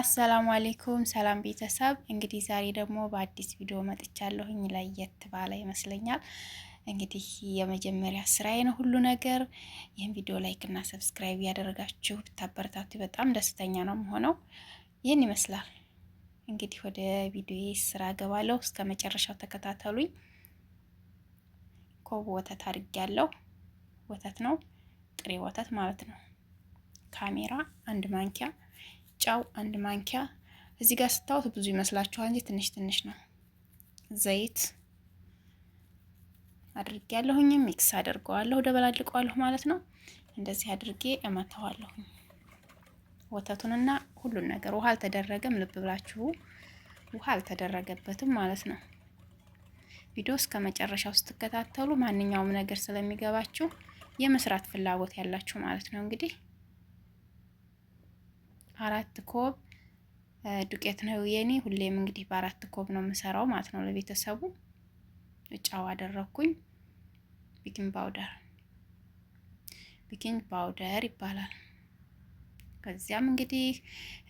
አሰላሙ አሌይኩም ሰላም ቤተሰብ። እንግዲህ ዛሬ ደግሞ በአዲስ ቪዲዮ መጥቻለሁኝ። ለየት ባለ ይመስለኛል እንግዲህ የመጀመሪያ ስራዬ ነው ሁሉ ነገር። ይህን ቪዲዮ ላይክ እና ሰብስክራይብ ያደረጋችሁ ብታበረታቱ በጣም ደስተኛ ነው የምሆነው። ይህን ይመስላል እንግዲህ ወደ ቪዲዮ ስራ ገባለሁ። እስከ መጨረሻው ተከታተሉኝ። ኮብ ወተት አድርጊያለሁ። ወተት ነው ጥሬ ወተት ማለት ነው። ካሜራ አንድ ማንኪያ ጨው አንድ ማንኪያ። እዚህ ጋር ስታዩት ብዙ ይመስላችኋል እንጂ ትንሽ ትንሽ ነው። ዘይት አድርጌ ያለሁኝ ሚክስ አድርገዋለሁ፣ ደበላልቀዋለሁ ማለት ነው። እንደዚህ አድርጌ እመተዋለሁኝ ወተቱንና ሁሉን ነገር ውሃ አልተደረገም። ልብ ብላችሁ ውሃ አልተደረገበትም ማለት ነው። ቪዲዮ እስከ መጨረሻው ስትከታተሉ ማንኛውም ነገር ስለሚገባችሁ የመስራት ፍላጎት ያላችሁ ማለት ነው እንግዲህ አራት ኮብ ዱቄት ነው የኔ። ሁሌም እንግዲህ በአራት ኮብ ነው የምሰራው ማለት ነው ለቤተሰቡ። ጨው አደረኩኝ። ቢኪንግ ፓውደር ቢኪንግ ፓውደር ይባላል። ከዚያም እንግዲህ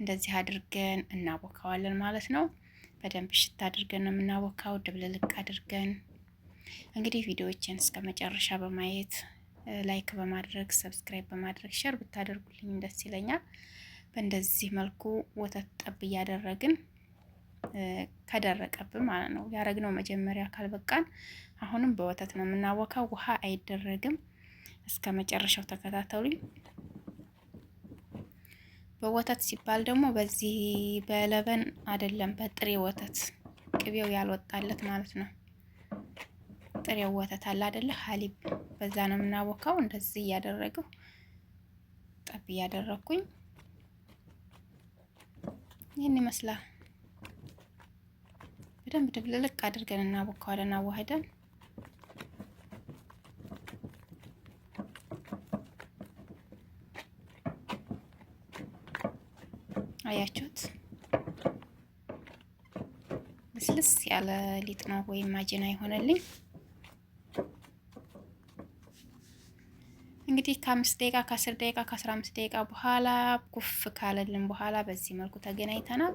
እንደዚህ አድርገን እናቦካዋለን ማለት ነው። በደንብ ሽታ አድርገን ነው የምናቦካው፣ ድብልልቅ አድርገን እንግዲህ ቪዲዮዎችን እስከ መጨረሻ በማየት ላይክ በማድረግ ሰብስክራይብ በማድረግ ሸር ብታደርጉልኝ ደስ ይለኛል። በእንደዚህ መልኩ ወተት ጠብ እያደረግን ከደረቀብን ማለት ነው ያደረግነው መጀመሪያ ካልበቃን አሁንም በወተት ነው የምናወካው። ውሃ አይደረግም። እስከ መጨረሻው ተከታተሉኝ። በወተት ሲባል ደግሞ በዚህ በለበን አይደለም፣ በጥሬ ወተት ቅቤው ያልወጣለት ማለት ነው። ጥሬው ወተት አለ አይደለ? ሀሊብ በዛ ነው የምናወካው። እንደዚህ እያደረገው ጠብ እያደረግኩኝ ይህን ይመስላል። በደንብ ድብልልቅ አድርገን እናቦካዋለን አዋህደን አያችሁት ልስልስ ያለ ሊጥ ነው ወይም አጅና ይሆነልኝ። እንግዲህ ከአምስት ደቂቃ ከአስር ደቂቃ ከአስራ አምስት ደቂቃ በኋላ ኩፍ ካለልን በኋላ በዚህ መልኩ ተገናኝተናል።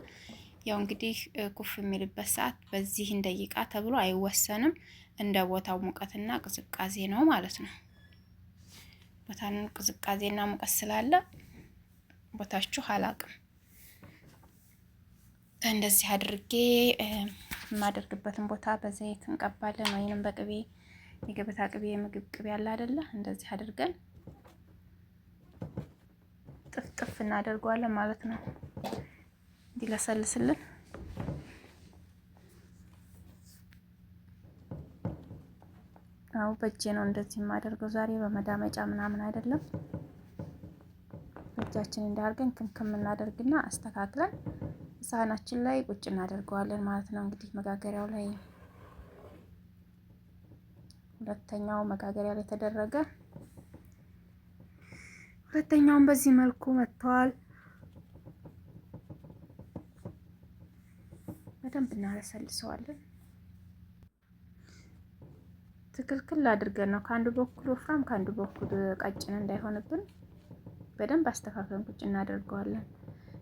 ያው እንግዲህ ኩፍ የሚልበት ሰዓት በዚህ ደቂቃ ተብሎ አይወሰንም። እንደ ቦታው ሙቀትና ቅዝቃዜ ነው ማለት ነው። ቦታን ቅዝቃዜና ሙቀት ስላለ ቦታችሁ አላቅም። እንደዚህ አድርጌ የማደርግበትን ቦታ በዘይት እንቀባለን ወይንም በቅቤ የገበታ ቅቤ የምግብ ቅቤ ያለ አይደለ እንደዚህ አድርገን ጥፍ ጥፍ እናደርገዋለን ማለት ነው እንዲለሰልስልን አው በእጄ ነው እንደዚህ የማደርገው ዛሬ በመዳመጫ ምናምን አይደለም። በእጃችን እንዳርገን ክምክም እናደርግና አስተካክለን ሳህናችን ላይ ቁጭ እናደርገዋለን ማለት ነው። እንግዲህ መጋገሪያው ላይ ሁለተኛው መጋገሪያ ላይ ተደረገ። ሁለተኛውን በዚህ መልኩ መጥተዋል። በደንብ እናለሰልሰዋለን። ትክልክል አድርገን ነው ከአንዱ በኩል ወፍራም ከአንዱ በኩል ቀጭን እንዳይሆንብን በደንብ አስተካክለን ቁጭ እናደርገዋለን።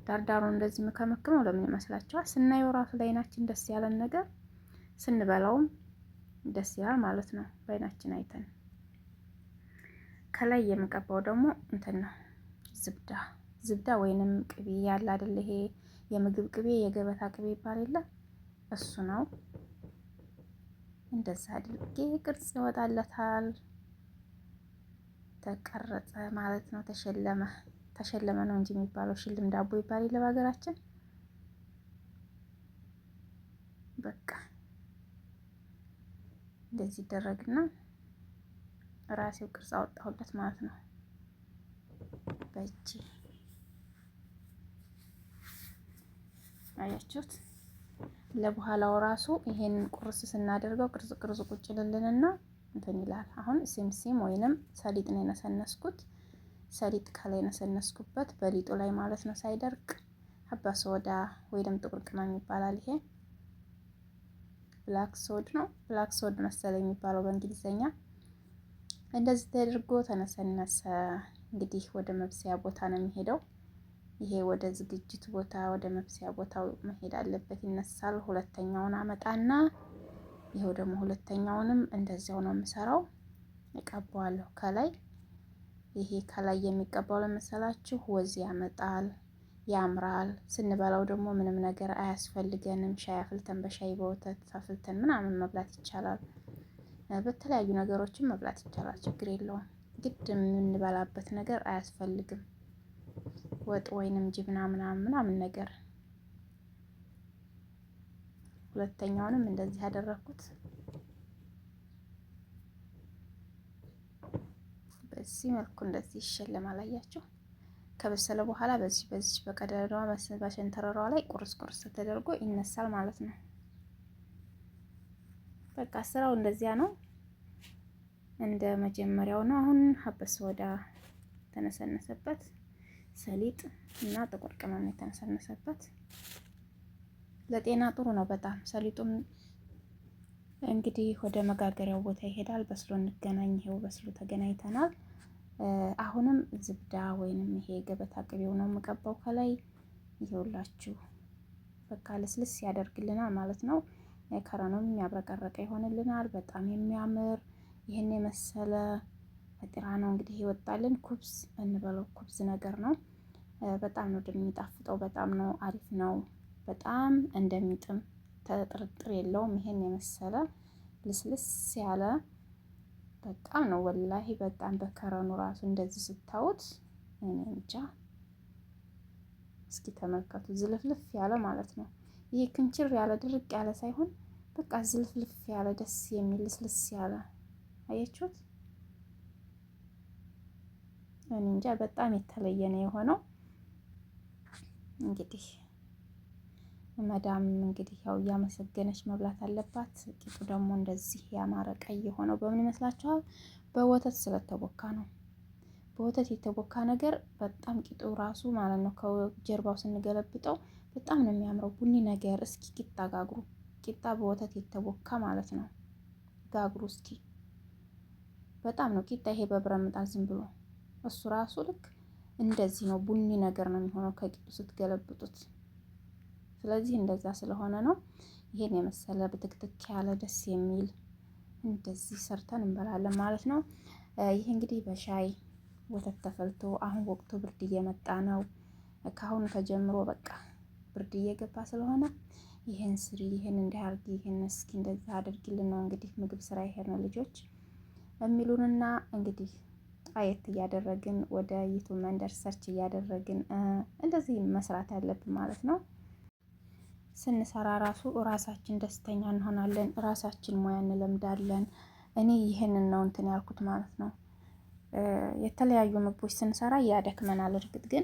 ዳርዳሩ እንደዚህ ምከመክመው ለምን ይመስላችኋል? ስናየው ራሱ ለአይናችን ደስ ያለን ነገር ስንበላውም ደስ ይላል ማለት ነው። በአይናችን አይተን ከላይ የምቀባው ደግሞ እንትን ነው ዝብዳ ዝብዳ ወይንም ቅቤ ያለ አይደል? ይሄ የምግብ ቅቤ የገበታ ቅቤ ይባል የለ እሱ ነው። እንደዛ አድርጌ ቅርጽ ይወጣለታል። ተቀረጸ ማለት ነው። ተሸለመ ተሸለመ ነው እንጂ የሚባለው ሽልም ዳቦ ይባል የለ በሀገራችን። በቃ እንደዚህ ይደረግና ራሴው ቅርጽ አወጣሁለት ማለት ነው በእጅ አያችሁት። ለበኋላው ራሱ ይሄን ቁርስ ስናደርገው ቅርጽ ቅርጽ ቁጭ ልልንና እንትን ይላል። አሁን ሲምሲም ወይንም ሰሊጥ ነው የነሰነስኩት። ሰሊጥ ከላይ የነሰነስኩበት በሊጡ ላይ ማለት ነው ሳይደርቅ ሀባ ሶዳ ወይንም ጥቁር ቅመም ይባላል ይሄ ብላክ ሶድ ነው ብላክ ሶድ መሰለኝ የሚባለው በእንግሊዘኛ እንደዚህ ተደርጎ ተነሰነሰ። እንግዲህ ወደ መብሰያ ቦታ ነው የሚሄደው። ይሄ ወደ ዝግጅት ቦታ ወደ መብሰያ ቦታው መሄድ አለበት። ይነሳል። ሁለተኛውን አመጣና ይሄው ደግሞ ሁለተኛውንም እንደዚያው ነው የምሰራው። እቀባዋለሁ ከላይ። ይሄ ከላይ የሚቀባው ለመሰላችሁ ወዝ ያመጣል፣ ያምራል። ስንበላው ደግሞ ምንም ነገር አያስፈልገንም። ሻይ አፍልተን በሻይ በወተት አፍልተን ምናምን መብላት ይቻላል። በተለያዩ ነገሮችን መብላት ይቻላል። ችግር የለውም። ግድ የምንበላበት ነገር አያስፈልግም። ወጥ ወይንም ጅብና ምናምን ምናምን ነገር ሁለተኛውንም እንደዚህ ያደረኩት በዚህ መልኩ እንደዚህ ይሸለማል። አያችሁ ከበሰለ በኋላ በዚህ በዚህ በቀዳዳዋ መሰንተረሯ ላይ ቁርስ ቁርስ ተደርጎ ይነሳል ማለት ነው። በቃ ስራው እንደዚያ ነው። እንደ መጀመሪያው ነው። አሁን ሀበስ ወዳ ተነሰነሰበት ሰሊጥ እና ጥቁር ቅመም የተነሰነሰበት ለጤና ጥሩ ነው በጣም ሰሊጡም እንግዲህ ወደ መጋገሪያው ቦታ ይሄዳል። በስሎ እንገናኝ። ይሄው በስሎ ተገናኝተናል። አሁንም ዝብዳ ወይንም ይሄ ገበታ ቅቤው ነው የምቀባው ከላይ ይሄውላችሁ። በቃ ልስልስ ያደርግልናል ማለት ነው። ከረኑም የሚያብረቀረቀ ይሆንልናል። በጣም የሚያምር ይህን የመሰለ ፈጢራ ነው እንግዲህ ይወጣልን። ኩብስ እንበለው ኩብዝ ነገር ነው። በጣም ነው የሚጣፍጠው። በጣም ነው አሪፍ ነው። በጣም እንደሚጥም ተጥርጥር የለውም። ይህን የመሰለ ልስልስ ያለ በጣም ነው ወላሂ። በጣም በከረኑ ራሱ እንደዚህ ስታዩት እኔ እንጃ። እስኪ ተመልከቱ፣ ዝልፍልፍ ያለ ማለት ነው። ይሄ ክንችር ያለ ድርቅ ያለ ሳይሆን በቃ ዝልፍልፍ ያለ ደስ የሚል ልስልስ ያለ አያችሁት። እኔ እንጃ በጣም የተለየ ነው የሆነው። እንግዲህ መዳም እንግዲህ ያው እያመሰገነች መብላት አለባት። ቂጡ ደግሞ እንደዚህ ያማረ ቀይ የሆነው በምን ይመስላችኋል? በወተት ስለተቦካ ነው። በወተት የተቦካ ነገር በጣም ቂጡ ራሱ ማለት ነው ከጀርባው ስንገለብጠው በጣም ነው የሚያምረው ቡኒ ነገር። እስኪ ቂጣ ጋግሩ። ቂጣ በወተት የተቦካ ማለት ነው። ጋግሩ እስኪ በጣም ነው ቂጣ። ይሄ በብረት ምጣድ ዝም ብሎ እሱ ራሱ ልክ እንደዚህ ነው፣ ቡኒ ነገር ነው የሚሆነው ከቂጡ ስትገለብጡት። ስለዚህ እንደዛ ስለሆነ ነው ይሄን የመሰለ ብትክትክ ያለ ደስ የሚል እንደዚህ ሰርተን እንበላለን ማለት ነው። ይህ እንግዲህ በሻይ ወተት ተፈልቶ አሁን ወቅቱ ብርድ እየመጣ ነው። ከአሁን ተጀምሮ በቃ ብርድ እየገባ ስለሆነ ይህን ስሪ፣ ይህን እንዲያርጊ፣ ይህን እስኪ እንደዛ አድርጊልን ነው እንግዲህ ምግብ ስራ ይሄድ ነው ልጆች የሚሉንና እንግዲህ አየት እያደረግን ወደ ይቱ መንደር ሰርች እያደረግን እንደዚህ መስራት ያለብን ማለት ነው። ስንሰራ ራሱ ራሳችን ደስተኛ እንሆናለን። ራሳችን ሙያ እንለምዳለን። እኔ ይህንን ነው እንትን ያልኩት ማለት ነው። የተለያዩ ምግቦች ስንሰራ እያደክመናል እርግጥ ግን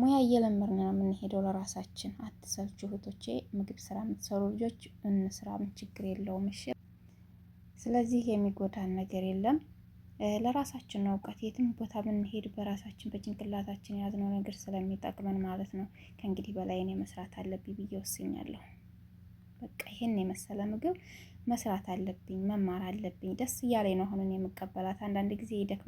ሙያ እየለመድን ነው የምንሄደው። ለራሳችን አትሰልቹ እህቶቼ። ምግብ ስራ የምትሰሩ ልጆች እንስራም፣ ችግር የለውም። እሺ፣ ስለዚህ የሚጎዳን ነገር የለም። ለራሳችን ነው እውቀት። የትም ቦታ ብንሄድ በራሳችን በጭንቅላታችን የያዝነው ነገር ስለሚጠቅመን ማለት ነው። ከእንግዲህ በላይ እኔ መስራት አለብኝ ብዬ ወስኛለሁ። በቃ ይህን የመሰለ ምግብ መስራት አለብኝ፣ መማር አለብኝ። ደስ እያለኝ ነው አሁን የምቀበላት። አንዳንድ ጊዜ ደክ